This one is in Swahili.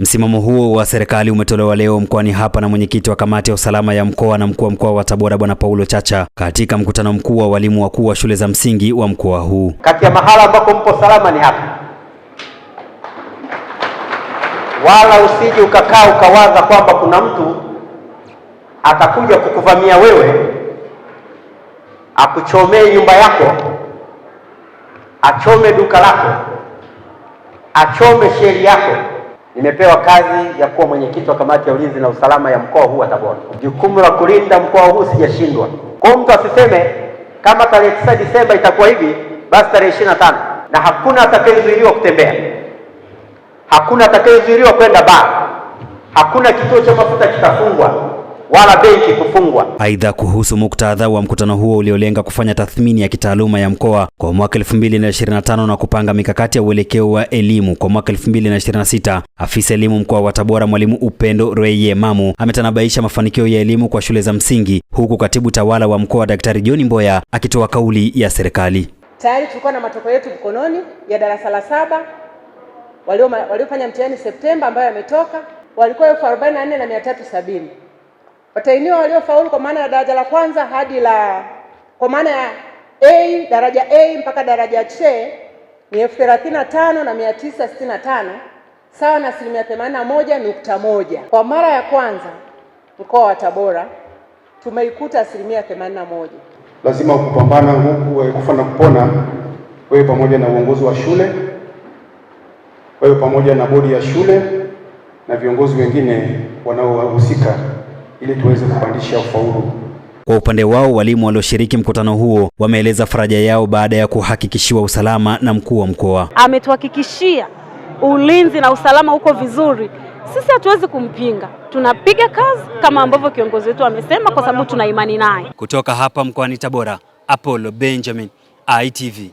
Msimamo huo wa serikali umetolewa leo mkoani hapa na mwenyekiti wa kamati ya usalama ya mkoa na mkuu wa mkoa wa Tabora Bwana Paulo Chacha katika mkutano mkuu wa walimu wakuu wa shule za msingi wa mkoa huu. Kati ya mahala ambako mpo salama ni hapa, wala usije ukakaa ukawaza kwamba kuna mtu atakuja kukuvamia wewe akuchomee nyumba yako, achome duka lako, achome sheri yako nimepewa kazi ya kuwa mwenyekiti wa kamati ya ulinzi na usalama ya mkoa huu wa Tabora. Jukumu la kulinda mkoa huu sijashindwa. Kwa mtu asiseme kama tarehe 9 Desemba itakuwa hivi, basi tarehe 25, na hakuna atakayezuiliwa kutembea, hakuna atakayezuiliwa kwenda baa, hakuna kituo cha mafuta kitafungwa wala benki kufungwa. Aidha, kuhusu muktadha wa mkutano huo uliolenga kufanya tathmini ya kitaaluma ya mkoa kwa mwaka 2025 na kupanga mikakati ya uelekeo wa elimu kwa mwaka 2026, afisa elimu mkoa wa Tabora Mwalimu Upendo Reye Mamu ametanabaisha mafanikio ya elimu kwa shule za msingi, huku katibu tawala wa mkoa Daktari John Mboya akitoa kauli ya serikali. Tayari tulikuwa na matokeo yetu mkononi ya darasa la saba waliofanya mtihani Septemba ambayo yametoka, walikuwa elfu arobaini na nne na mia tatu sabini Watahiniwa waliofaulu kwa maana ya daraja la kwanza hadi la kwa maana ya A daraja A mpaka daraja C ni elfu thelathini na tano na mia tisa sitini na tano sawa na asilimia themanini na moja nukta moja. Kwa mara ya kwanza mkoa wa Tabora tumeikuta asilimia themanini na moja. Lazima kupambana huku eh, kufa na kupona, wewe pamoja na uongozi wa shule, wewe pamoja na bodi ya shule na viongozi wengine wanaohusika ili tuweze kupandisha ufaulu. Kwa upande wao walimu walioshiriki mkutano huo wameeleza faraja yao baada ya kuhakikishiwa usalama na mkuu wa mkoa. Ametuhakikishia ulinzi na usalama uko vizuri, sisi hatuwezi kumpinga, tunapiga kazi kama ambavyo kiongozi wetu amesema, kwa sababu tuna imani naye. Kutoka hapa mkoani Tabora, Apollo Benjamin, ITV.